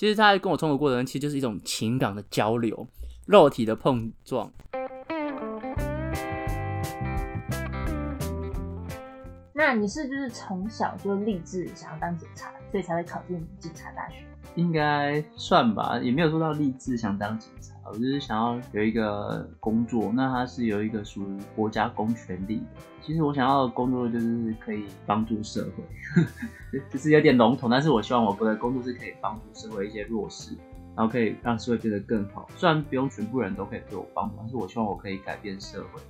其實他在跟我衝突過程中，其實就是一種情感的交流，肉體的碰撞。那你是不是從小就立志想要當警察，所以才會考進警察大學？應該算吧，也沒有說到立志想當警察，我就是想要有一個工作。那它是有一個屬於國家公權力的。其實我想要的工作就是可以幫助社會， 就是有點籠統。但是我希望我的工作是可以幫助社會一些弱勢，然後可以讓社會變得更好。雖然不用全部人都可以被我幫助，但是我希望我可以改變社會，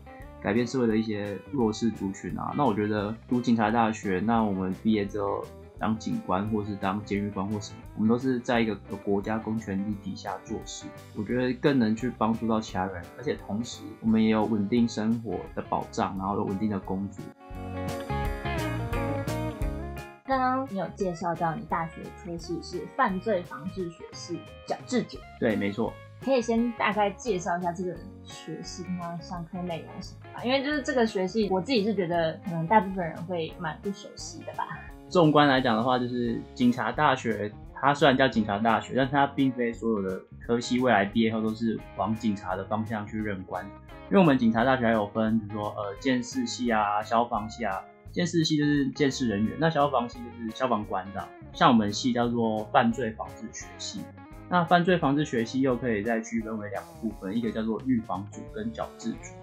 改變社會的一些弱勢族群啊。那我覺得讀警察大學，那我們畢業之後。當警官，或是當監獄官，或什麼，我們都是在一個國家公權力底下做事。我覺得更能去幫助到其他人，而且同時我們也有穩定生活的保障，然後有穩定的工作。剛剛你有介紹到你大學科系是犯罪防治學系，矯治組。對，沒錯。可以先大概介紹一下這個學系，它上課內容是什麼？因為就是這個學系，我自己是覺得可能大部分人會蠻不熟悉的吧。縱觀來講的話，就是警察大學，它雖然叫警察大學，但它並非所有的科系未來畢業後都是往警察的方向去任官。因為我們警察大學還有分，比如說呃，監視系啊，消防系啊，監視系就是監視人員，那消防系就是消防官長。像我們系叫做犯罪防治學系，那犯罪防治學系又可以再區分為兩個部分，一個叫做預防組跟矯治組。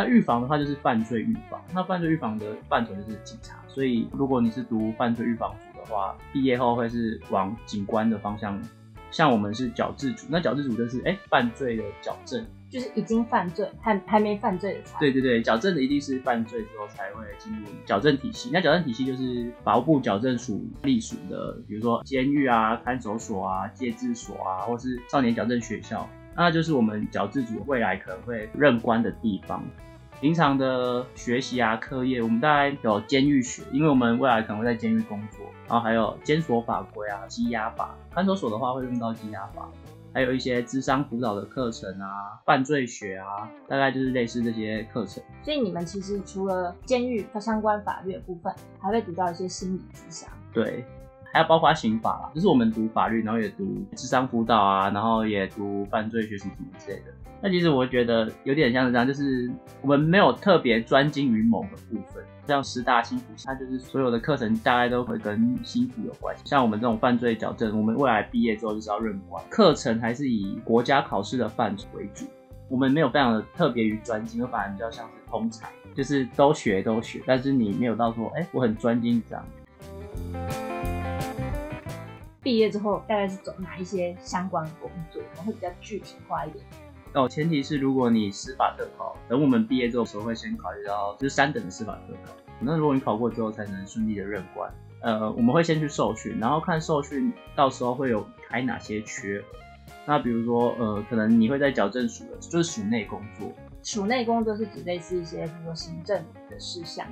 那預防的話就是犯罪預防，那犯罪預防的範疇就是警察，所以如果你是讀犯罪預防組的話，畢業後會是往警官的方向。像我們是矯治組，那矯治組就是哎、欸、犯罪的矯正，就是已經犯罪還還沒犯罪的時候。對對對，矯正的一定是犯罪之後才會進入矯正體系。那矯正體系就是法務部矯正署隸屬的，比如說監獄啊、看守所啊、戒治所啊，或是少年矯正學校。那就是我們矯治組未來可能會任官的地方。平常的學習啊，課業我們大概有監獄學，因為我們未來可能會在監獄工作。然後還有監所法規啊、羈押法，看守所的話會用到羈押法，還有一些諮商輔導的課程啊、犯罪學啊，大概就是類似這些課程。所以你們其實除了監獄相關法律的部分，還會讀到一些心理諮商？對。還有包括刑法，就是我們讀法律，然後也讀諮商輔導啊，然後也讀犯罪學習組之類的。那其實我覺得有點像是這樣，就是我們沒有特別專精於某個部分。像師大心輔，它就是所有的課程大概都會跟心輔有關係。像我們這種犯罪矯正，我們未來畢業之後就是要任官，課程還是以國家考試的範圍為主。我們沒有非常的特別於專精，反而比較像是通才，就是都學都學，但是你沒有到說，哎、欸，我很專精這樣。畢業之後大概是走哪一些相關的工作？可能會比較具體化一點。哦，前提是如果你司法特考，等我們畢業之後，時候會先考慮到，就是三等的司法特考。那如果你考過之後，才能順利的任官。呃，我們會先去受訓，然後看受訓到時候會有開哪些缺。那比如說，呃，可能你會在矯正署的，就是署內工作。署內工作是指類似一些，比如說行政的事項。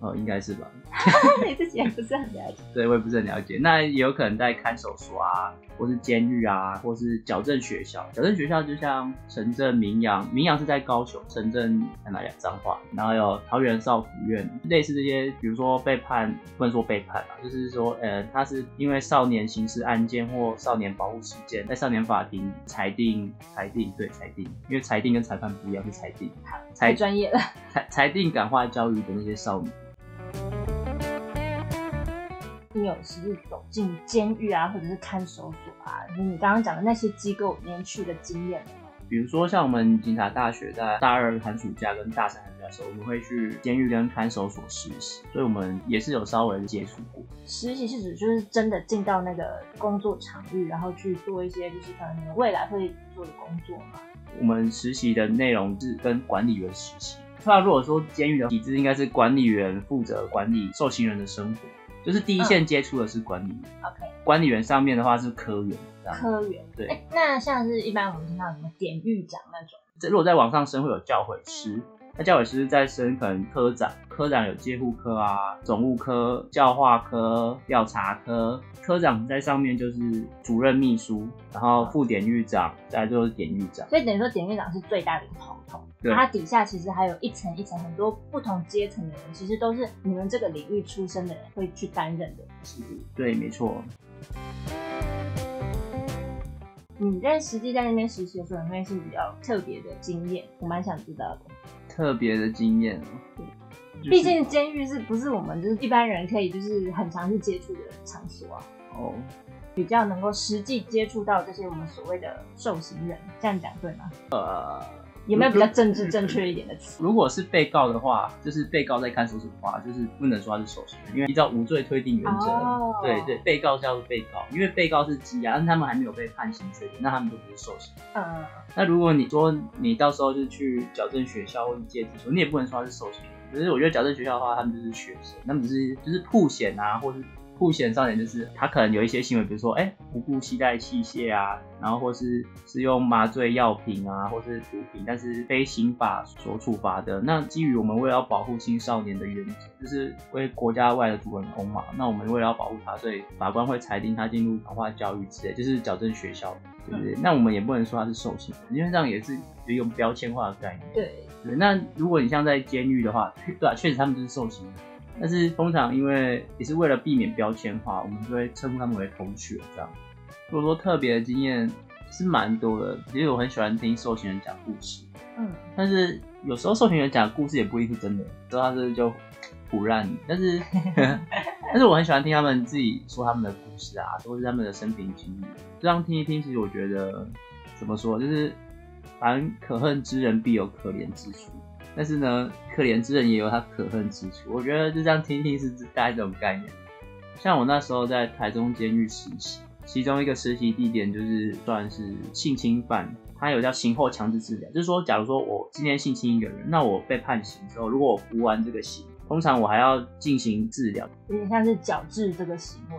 哦，應該是吧。 你自己也不是很了解。 對，我也不是很了解。那也有可能在看守所啊，或是監獄啊，或是矯正學校。矯正學校就像誠正、明陽，明陽是在高雄，誠正在哪？彰化，然後有桃園少輔院，類似這些，比如說被判，不能說被判啊，就是說，呃，他是因為少年刑事案件或少年保護事件，在少年法庭裁，裁定裁定，裁定，對裁定。因為裁定跟裁判不一樣，是裁定。太專業了，裁裁定感化教育的那些少女。你有時是走進監獄啊，或者是看守所啊，你剛剛講的那些機構裡面去的經驗。比如說像我們警察大學在大二寒暑假跟大三寒假的時候，我們會去監獄跟看守所實習，所以我們也是有稍微接觸過。實習是指就是真的進到那個工作場域，然後去做一些就是可能你們未來會做的工作嗎？我們實習的內容是跟管理員實習。那如果說監獄的體制應該是管理員負責管理受刑人的生活。就是第一線接觸的是管理員、嗯 okay，管理員上面的話是科員，科員對、欸。那像是一般我們聽到什麼典獄長那種，這如果再往上升會有教誨師。嗯那、啊、教誨師其在再升，可能科長，科長有戒護科啊、總務科、教化科、調查科。科長在上面就是主任秘書，然後副典獄長，嗯、再來就是典獄長。所以等於說，典獄長是最大的一個頭頭。對。它底下其實還有一層一層，很多不同階層的人，其實都是你們這個領域出身的人會去擔任的職務。對，沒錯。你、嗯、在實際在那邊實習的時候，有沒有一些比較特別的經驗？我蠻想知道的。特別的經驗哦，畢竟監獄是不是我們就是一般人可以就是很常去接觸的場所啊？哦，比較能夠實際接觸到這些我們所謂的受刑人，這樣講對嗎？呃。有沒有比較政治正確一點的詞？如果是被告的話，就是被告在看守所，就是不能說他是受刑，因為依照無罪推定原則、哦，對對，被告是要被告，因為被告是羈押，但他們還沒有被判刑確定，那他們就不是受刑、嗯。那如果你說你到時候就去矯正學校或者戒治所，你也不能說他是受刑。可是我覺得矯正學校的話，他們就是學生，他們是就是曝險啊，或是。曝險少年就是他可能有一些行為，比如說哎不顧攜帶器械啊，然後或是使用麻醉藥品啊，或是毒品，但是非刑法所處罰的。那基於我們為了要保護青少年的原則，就是為國家外的主人翁嘛，那我們為了要保護他，所以法官會裁定他進入感化教育之類，就是矯正學校，對不對？對、嗯。那我們也不能說他是受刑人，因為這樣也是就用標籤化的概念對。對。那如果你像在監獄的話，對啊，確實他們就是受刑的。但是通常，因為也是為了避免標籤化，我們就會稱呼他們為同學這樣。如果說特別的經驗是蠻多的，其實我很喜歡聽受刑人講故事。嗯，但是有時候受刑人講故事也不一定是真的，所以他是就唬爛你。但是， 但是我很喜歡聽他們自己說他們的故事啊，都是他們的生平經歷。這樣聽一聽，其實我覺得怎麼說，就是凡可恨之人必有可憐之處。但是呢，可憐之人也有他可恨之處。我覺得就這樣聽聽是大概這種概念。像我那時候在台中監獄實習，其中一個實習地點就是算是性侵犯，他有叫刑後強制治療，就是說，假如說我今天性侵一個人，那我被判刑之後，如果我服完這個刑，通常我還要進行治療，有點像是矯治這個行為。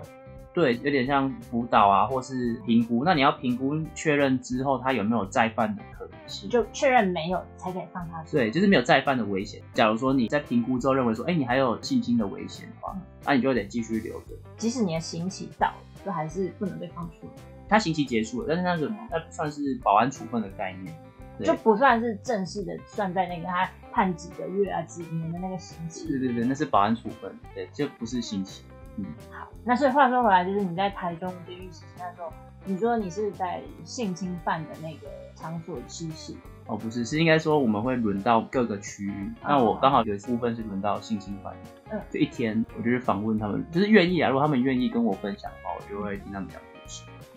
對，有點像輔導啊，或是評估。那你要評估確認之後，他有沒有再犯的可能性？就確認沒有，才可以放他去。對，就是沒有再犯的危險。假如說你在評估之後認為說，哎、欸，你還有性侵的危險的話，那、嗯啊、你就得繼續留着。即使你的刑期到了，都還是不能被放出來。他刑期結束了，但是那個那算是保安處分的概念，對，就不算是正式的，算在那個他判幾個月、啊、幾年的那個刑期。對對對，那是保安處分，對，就不是刑期。嗯，好，那所以話說回來，就是你在台中的實習那時候，你說你是在性侵犯的那個場所實習？哦，不是，是應該說我們會輪到各個區域，那、嗯、我剛好有一部分是輪到性侵犯，嗯，就一天我就是訪問他們、嗯，就是願意啊，如果他們願意跟我分享的話，我就會聽他們講。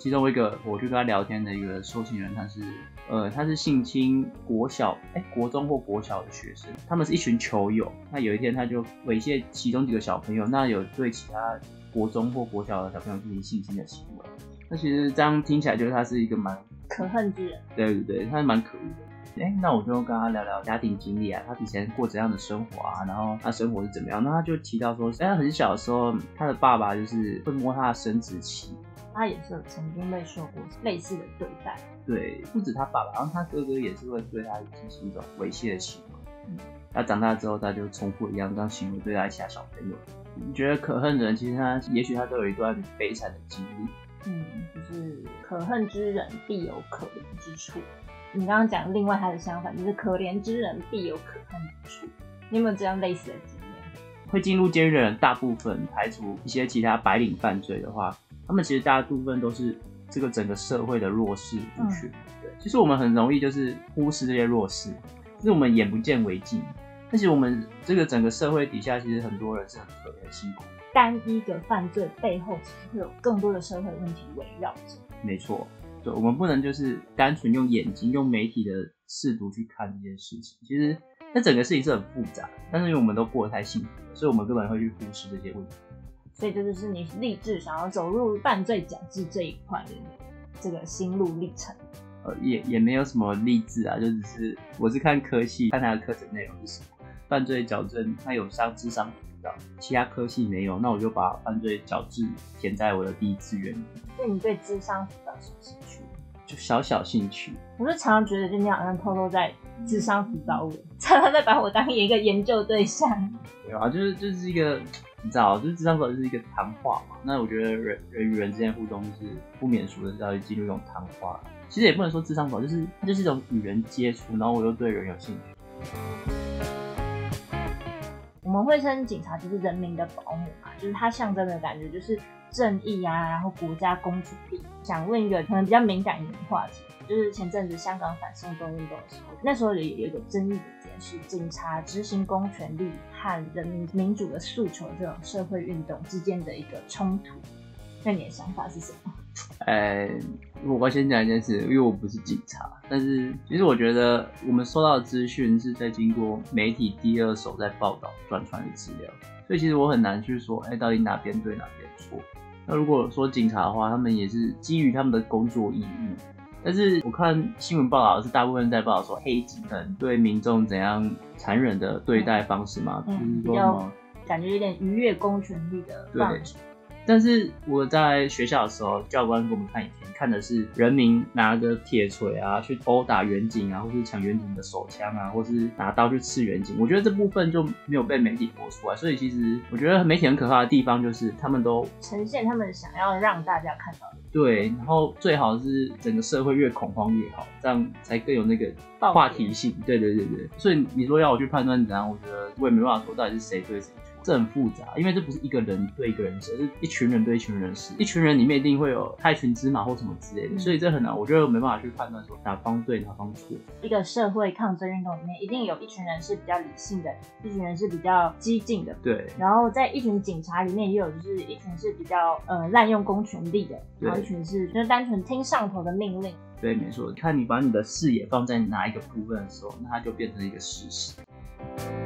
其中一個，我就跟他聊天的一個收容人，他是，呃，他是性侵國小、哎國中或國小的學生，他們是一群球友。那有一天，他就猥褻其中幾個小朋友，那有對其他國中或國小的小朋友進行性侵的行為。那其實這樣聽起來，就是他是一個蠻可恨之人，對對對，他是蠻可惡的。哎，那我就跟他聊聊家庭經歷啊，他以前過怎樣的生活啊，然後他生活是怎麼樣？那他就提到說，哎，他很小的時候，他的爸爸就是會摸他的生殖器。他也是有曾經被受過類似的對待，對，不止他爸爸，然後他哥哥也是會對他進行一種猥褻的行為。嗯，他長大之後，他就重複一樣這樣行為對待其他小朋友。你覺得可恨的人，其實他也許他都有一段悲慘的經歷。嗯，就是可恨之人必有可憐之處。你剛剛講另外他的相反，就是可憐之人必有可恨之處。你有沒有這樣類似的經驗？會進入監獄的人，大部分排除一些其他白領犯罪的話。他們其實大家大部分都是這個整個社會的弱勢族群，嗯，對，其實我們很容易就是忽視這些弱勢，就是我們眼不見為淨。但是我們這個整個社會底下，其實很多人是很很辛苦的。單一的犯罪背後，其實會有更多的社會問題圍繞着。沒錯，對，我們不能就是單純用眼睛、用媒體的視圖去看這件事情。其實那整個事情是很複雜，但是因為我們都過得太幸福，所以我們根本會去忽視這些問題。所以這就是你立志想要走入犯罪矯治這一塊的這個心路歷程。呃，也也沒有什麼勵志啊，就只是我是看科系，看它的課程內容是什麼。犯罪矯正他有上諮商輔導，其他科系沒有，那我就把犯罪矯治填在我的第一志願裡。所以你對諮商輔導什麼興趣？就小小興趣，我就常常覺得，就你好像偷偷在諮商指導我，常常在把我當一個研究對象。對啊，就是就是一個，你知道，就是諮商狗，就是一個談話嘛。那我覺得人人與人之間互動，就是不免俗的，就要進入一種談話。其實也不能說諮商狗，就是它就是一種與人接觸，然後我又對人有興趣。我們會稱警察就是人民的保姆嘛，就是它象徵的感覺就是。正義啊，然後國家公權力。想問一個可能比較敏感一點的話題，就是前陣子香港反送中運動的時候，那時候也有一個爭議的點，是警察執行公權力和人民民主的訴求這種社會運動之間的一個衝突。那你的想法是什麼？呃、哎，我我先講一件事，因為我不是警察，但是其實我覺得我們收到的資訊是在經過媒體第二手在報道轉傳的資料。所以其實我很難去說，哎、欸，到底哪邊對哪邊錯。那如果說警察的話，他們也是基於他們的工作意義、嗯、但是我看新聞報道是大部分在報道說黑警對民眾怎樣殘忍的對待方式嘛，嗯就是嗯、比較感覺有點逾越公權力的。對，對,對。但是我在學校的時候，教官給我們看影片，看的是人民拿着鐵錘啊，去毆打員警啊，或是搶員警的手槍啊，或是拿刀去刺員警。我覺得這部分就沒有被媒體播出來，所以其實我覺得媒體很可怕的地方就是，他們都呈現他們想要讓大家看到的。對，然後最好是整個社會越恐慌越好，這樣才更有那個話題性。對對對對，所以你說要我去判斷怎樣，我覺得我也沒辦法說到底是誰對誰錯。這很複雜，因為這不是一個人對一個人說，是一群人對一群人說，一群人裡面一定會有害群之馬或什麼之類的，所以這很難，我覺得我沒辦法去判斷說哪方對哪方錯。一個社會抗爭運動裡面，一定有一群人是比較理性的，一群人是比較激進的，對。然後在一群警察裡面，也有就是一群是比較呃濫用公權力的，完全是就是、單純聽上頭的命令。對，沒錯。看你把你的視野放在哪一個部分的時候，那它就變成一個事實。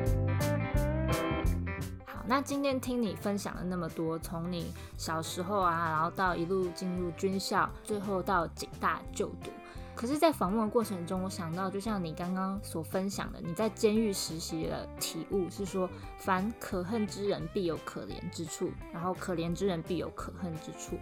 那今天聽你分享了那麼多，從你小時候啊，然後到一路進入軍校，最後到警大就讀。可是，在訪問的過程中，我想到，就像你剛剛所分享的，你在監獄實習的體悟是說，凡可恨之人必有可憐之處，然後可憐之人必有可恨之處。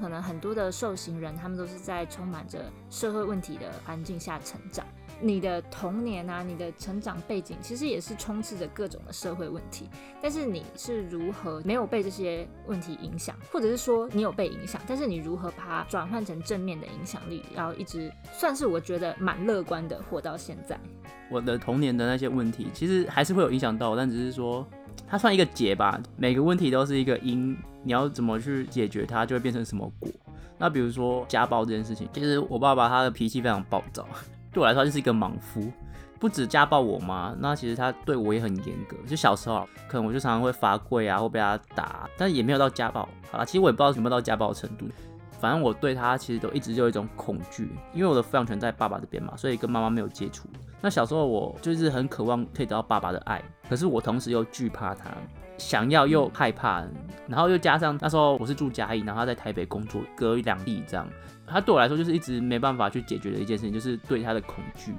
可能很多的受刑人，他們都是在充滿着社會問題的環境下成長。你的童年啊，你的成長背景其實也是充斥着各種的社會問題，但是你是如何沒有被這些問題影響，或者是說你有被影響，但是你如何把它轉換成正面的影響力，然後一直算是我覺得蠻樂觀的活到現在？我的童年的那些問題，其實還是會有影響到，但只是說它算一個結吧。每個問題都是一個因，你要怎麼去解決它，就會變成什麼果。那比如說家暴這件事情，其實我爸爸他的脾氣非常暴躁。對我來說，就是一個莽夫，不止家暴我媽，那其實他對我也很嚴格，就小時候可能我就常常會罰跪啊，或被他打，但也沒有到家暴。好了，其實我也不知道有沒有到家暴的程度。反正我對他其實都一直就有一種恐懼，因為我的撫養權在爸爸這邊嘛，所以跟媽媽沒有接觸。那小時候我就是很渴望可以得到爸爸的愛，可是我同時又懼怕他，想要又害怕，然後又加上那時候我是住嘉義，然後他在台北工作，隔兩地這樣。他對我來說就是一直沒辦法去解決的一件事情，就是對他的恐懼。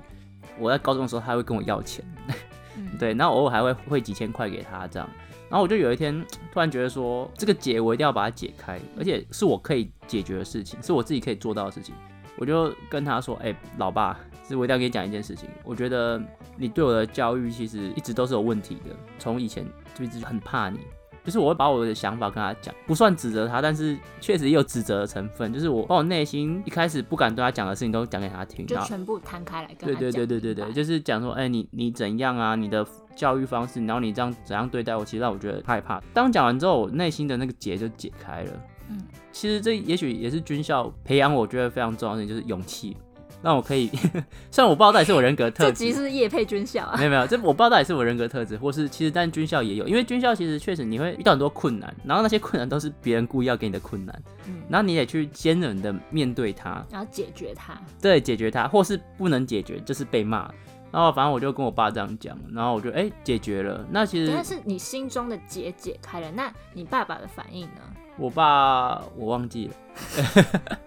我在高中的時候，他會跟我要錢， 對，然後偶爾還會匯幾千塊給他這樣。然後我就有一天突然覺得說，這個結我一定要把它解開，而且是我可以解決的事情，是我自己可以做到的事情。我就跟他說：“哎、欸，老爸，是我一定要跟你講一件事情。我覺得你對我的教育其實一直都是有問題的，從以前就一直很怕你。”就是我會把我的想法跟他講，不算指責他，但是確實也有指責的成分。就是我把我內心一開始不敢對他講的事情都講給他聽，就全部攤開來跟他講。對對對對對、對、對就是講說，哎、欸，你你怎樣啊？你的教育方式，然後你這樣怎樣對待我，其實讓我覺得害怕。當講完之後，我內心的那個結就解開了。嗯，其實這也許也是軍校培養我覺得非常重要的就是勇氣。那我可以，雖然我不知道，也是我人格特質。 這其實是業配軍校。啊！沒有沒有，這我不知道，也是我人格特質，或是其實，但是軍校也有，因為軍校其實確實你會遇到很多困難，然後那些困難都是別人故意要給你的困難。嗯，然後你得去堅韌的面對它，然後解決它。對，解決它，或是不能解決就是被罵。然後反正我就跟我爸這樣講，然後我就哎解決了。那其實那是你心中的結解開了，那你爸爸的反應呢？我爸我忘記了。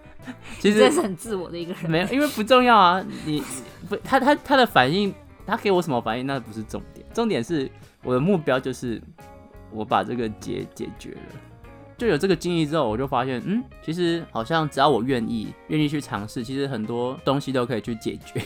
其實這是很自我的一個人，沒有，因為不重要啊。你不，他他他的反應，他給我什麼反應，那不是重點。重點是我的目標就是我把這個結解決了，就有這個經歷之後，我就發現，嗯，其實好像只要我願意，願意去嘗試，其實很多東西都可以去解決。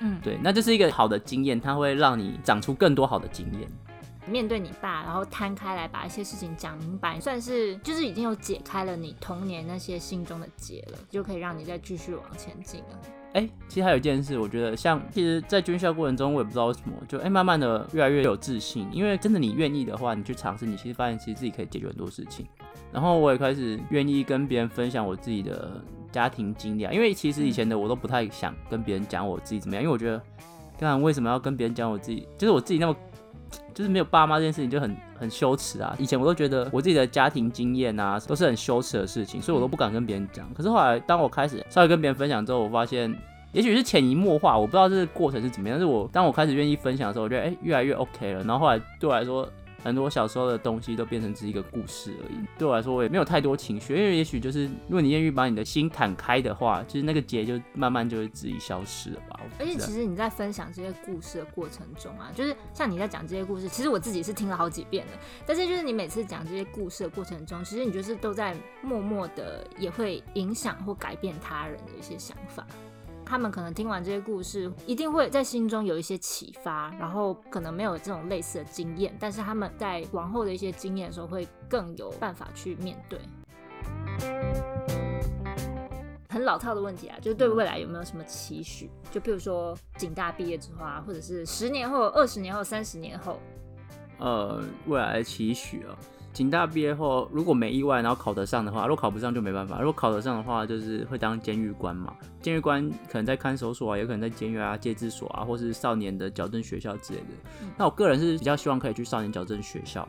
嗯，對，那就是一個好的經驗，它會讓你長出更多好的經驗。面對你爸，然後攤開來把一些事情講明白，算是就是已經有解開了你童年那些心中的結了，就可以讓你再繼續往前進了。哎、欸，其實還有一件事，我覺得像，其實，在軍校過程中，我也不知道為什麼，就哎、欸，慢慢的越來越有自信，因為真的，你願意的話，你去嘗試，你其實發現其實自己可以解決很多事情。然後我也開始願意跟別人分享我自己的家庭經歷，啊，因為其實以前的我都不太想跟別人講我自己怎麼樣，因為我覺得，幹嘛為什麼要跟別人講我自己？就是我自己那麼。就是沒有爸媽這件事情就很很羞恥啊！以前我都覺得我自己的家庭經驗啊，都是很羞恥的事情，所以我都不敢跟別人講。可是後來，當我開始稍微跟別人分享之後，我發現，也許是潛移默化，我不知道這個過程是怎麼樣。但是我當我開始願意分享的時候，我覺得哎、欸，越來越 OK 了。然後後來對我來說，很多小時候的東西都變成只是一個故事而已。對我來說，我也沒有太多情緒，因為也許就是如果你願意把你的心攤開的話，其實那個結就慢慢就會自己消失了吧。而且，其實你在分享這些故事的過程中啊，就是像你在講這些故事，其實我自己是聽了好幾遍的。但是，就是你每次講這些故事的過程中，其實你就是都在默默的，也會影響或改變他人的一些想法。他們可能聽完這些故事，一定會在心中有一些啟發，然後可能沒有這種類似的經驗，但是他們在往後的一些經驗的時候，會更有辦法去面對。很老套的問題啊，就是對未來有沒有什麼期許？就比如說警大畢業之後啊，或者是十年後、二十年後、三十年後？呃，未來期許啊、哦。警大畢業後，如果沒意外，然後考得上的話，如果考不上就沒辦法；如果考得上的話，就是會當監獄官嘛。監獄官可能在看守所啊，也可能在監獄啊、戒治所啊，或是少年的矯正學校之類的。那我個人是比較希望可以去少年矯正學校，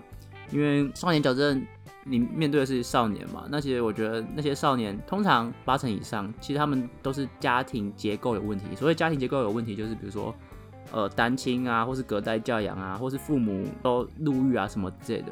因為少年矯正你面對的是少年嘛。那其實我覺得那些少年通常八成以上，其實他們都是家庭結構有問題。所謂家庭結構有問題，就是比如說呃單親啊，或是隔代教養啊，或是父母都入獄啊什麼之類的。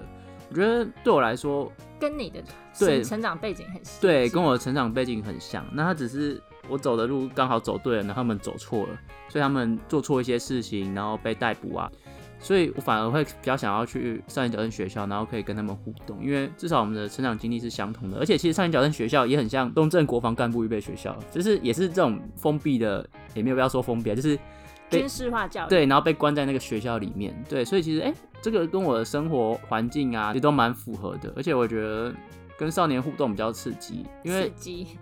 我覺得對我來說，跟你的對成長背景很像。對，跟我的成長背景很像。那他只是我走的路剛好走對了，然後他們走錯了，所以他們做錯一些事情，然後被逮捕啊。所以我反而會比較想要去上一矯正學校，然後可以跟他們互動，因為至少我們的成長經歷是相同的。而且其實上一矯正學校也很像東正國防幹部預備學校，就是也是這種封閉的，也沒有必要說封閉，就是軍事化教育。對，然後被關在那個學校裡面。對，所以其實哎。欸這個跟我的生活環境啊，也都蠻符合的，而且我覺得跟少年互動比較刺激，因為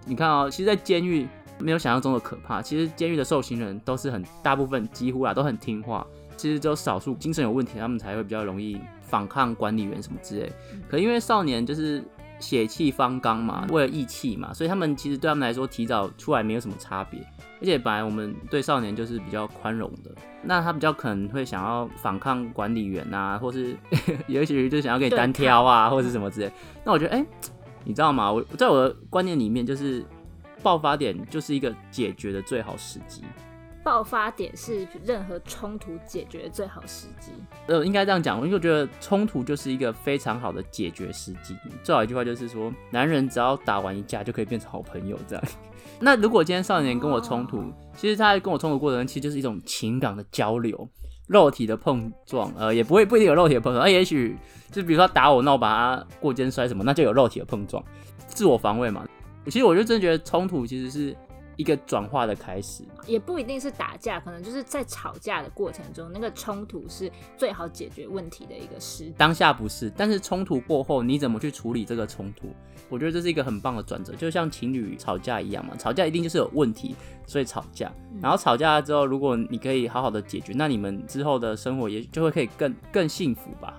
你看啊、哦，其實，在監獄沒有想象中的可怕，其實監獄的受刑人都是很大部分幾乎啊都很聽話，其實只有少數精神有問題，他們才會比較容易反抗管理員什麼之類，可因為少年就是。血氣方剛嘛，為了義氣嘛，所以他們其實對他們來說提早出來沒有什麼差別。而且本來我們對少年就是比較寬容的，那他比較可能會想要反抗管理員啊，或是有一些人就想要跟你單挑啊，或是什麼之類。那我覺得，哎、欸，你知道嗎？我在我的觀念裡面，就是爆發點就是一個解決的最好時機。爆發點是任何衝突解決的最好時機。呃，應該這樣講，因為我覺得衝突就是一個非常好的解決時機。最好一句話就是說，男人只要打完一架就可以變成好朋友這樣。那如果今天少年跟我衝突，哦，其實他在跟我衝突過程其實就是一種情感的交流，肉體的碰撞。呃，也不會不一定有肉體的碰撞，啊、也許就比如說打我，那我，把他過肩摔什麼，那就有肉體的碰撞，自我防衛嘛。我其實我就真的覺得衝突其實是。一個轉化的開始，也不一定是打架，可能就是在吵架的過程中，那個衝突是最好解決問題的一個事。當下不是，但是衝突過後，你怎麼去處理這個衝突？我覺得這是一個很棒的轉折，就像情侶吵架一樣嘛，吵架一定就是有問題，所以吵架，嗯。然後吵架了之後，如果你可以好好的解決，那你們之後的生活也就會可以更更幸福吧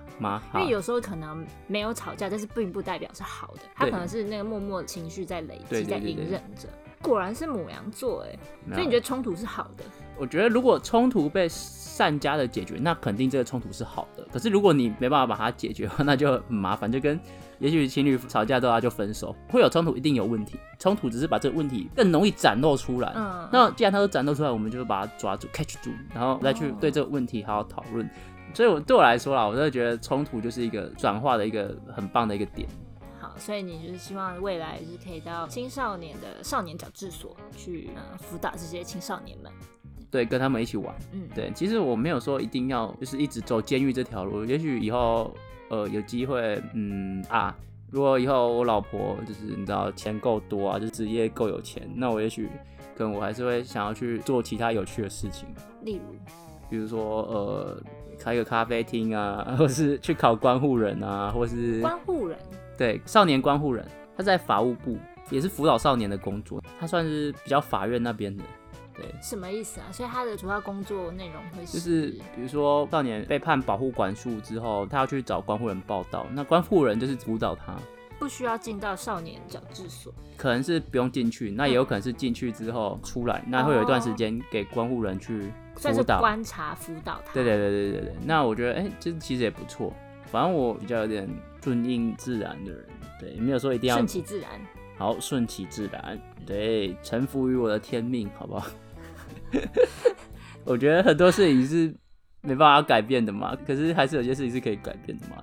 好？因為有時候可能沒有吵架，但是並不代表是好的，他可能是那個默默的情緒在累積，在隱忍着。果然是牡羊座哎、欸，所以你覺得衝突是好的？我覺得如果衝突被善加的解決，那肯定這個衝突是好的。可是如果你沒辦法把它解決，那就很麻煩。就跟也許情侶吵架之後就分手，會有衝突一定有問題。衝突只是把這個問題更容易展露出來。嗯，那既然它都展露出來，我們就把它抓住，catch 住，然後再去對這個問題好好討論。所以，我對我來說啦，我真的覺得衝突就是一個轉化的一個很棒的一個點。所以你就是希望未來就是可以到青少年的少年矯治所去，嗯，輔導這些青少年們。對，跟他們一起玩。嗯，對。其實我沒有說一定要就是一直走監獄這條路，也許以後、呃、有機會，嗯啊，如果以後我老婆就是你知道錢夠多啊，就是職業夠有錢，那我也許可能我還是會想要去做其他有趣的事情，例如，比如說呃開個咖啡廳啊，或是去考關護人啊，或是關護人。對，少年觀護人，他在法務部也是輔導少年的工作，他算是比較法院那邊的。對，什麼意思啊？所以他的主要工作內容會是，就是比如說少年被判保護管束之後，他要去找觀護人報到，那觀護人就是輔導他，不需要進到少年矯治所，可能是不用進去，那也有可能是進去之後出來，那會有一段時間給觀護人去輔導是觀察輔導他。對對對對對對，那我覺得哎，這其實也不錯。反正我比較有點順應自然的人，對，沒有說一定要順其自然。好，順其自然，對，臣服於我的天命，好不好？ 我覺得很多事情是沒辦法改變的嘛，可是還是有些事情是可以改變的嘛。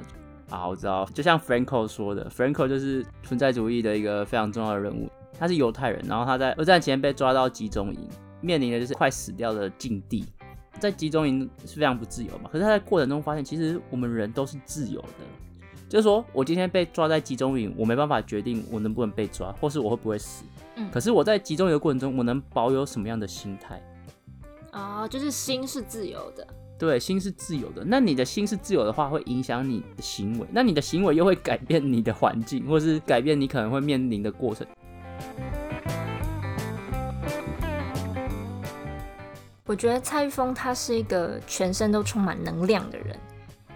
好、啊，我知道，就像 Frankl 說的，Frankl 就是存在主義的一個非常重要的人物，他是猶太人，然後他在二戰前被抓到集中營，面臨的就是快死掉的境地。在集中營是非常不自由嘛，可是他在過程中發現，其實我們人都是自由的，就是說我今天被抓在集中營，我沒辦法決定我能不能被抓，或是我會不會死。嗯，可是我在集中營的過程中，我能保有什麼樣的心態？哦，就是心是自由的。對，心是自由的。那你的心是自由的話，會影響你的行為，那你的行為又會改變你的環境，或是改變你可能會面臨的過程。我覺得蔡育峰他是一個全身都充滿能量的人，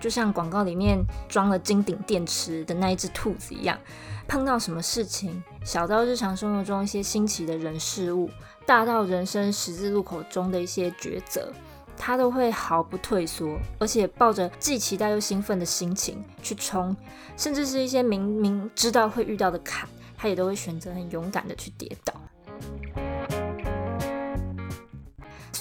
就像廣告裡面裝了金頂電池的那一隻兔子一樣，碰到什麼事情，小到日常生活中一些新奇的人事物，大到人生十字路口中的一些抉擇，他都會毫不退縮，而且抱着既期待又興奮的心情去衝，甚至是一些明明知道會遇到的坎，他也都會選擇很勇敢的去跌倒。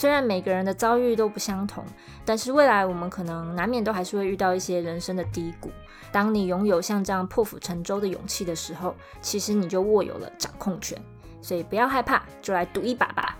雖然每個人的遭遇都不相同，但是未來我們可能難免都還是會遇到一些人生的低谷。當你擁有像這樣破釜沉舟的勇氣的時候，其實你就握有了掌控權。所以不要害怕，就來賭一把吧。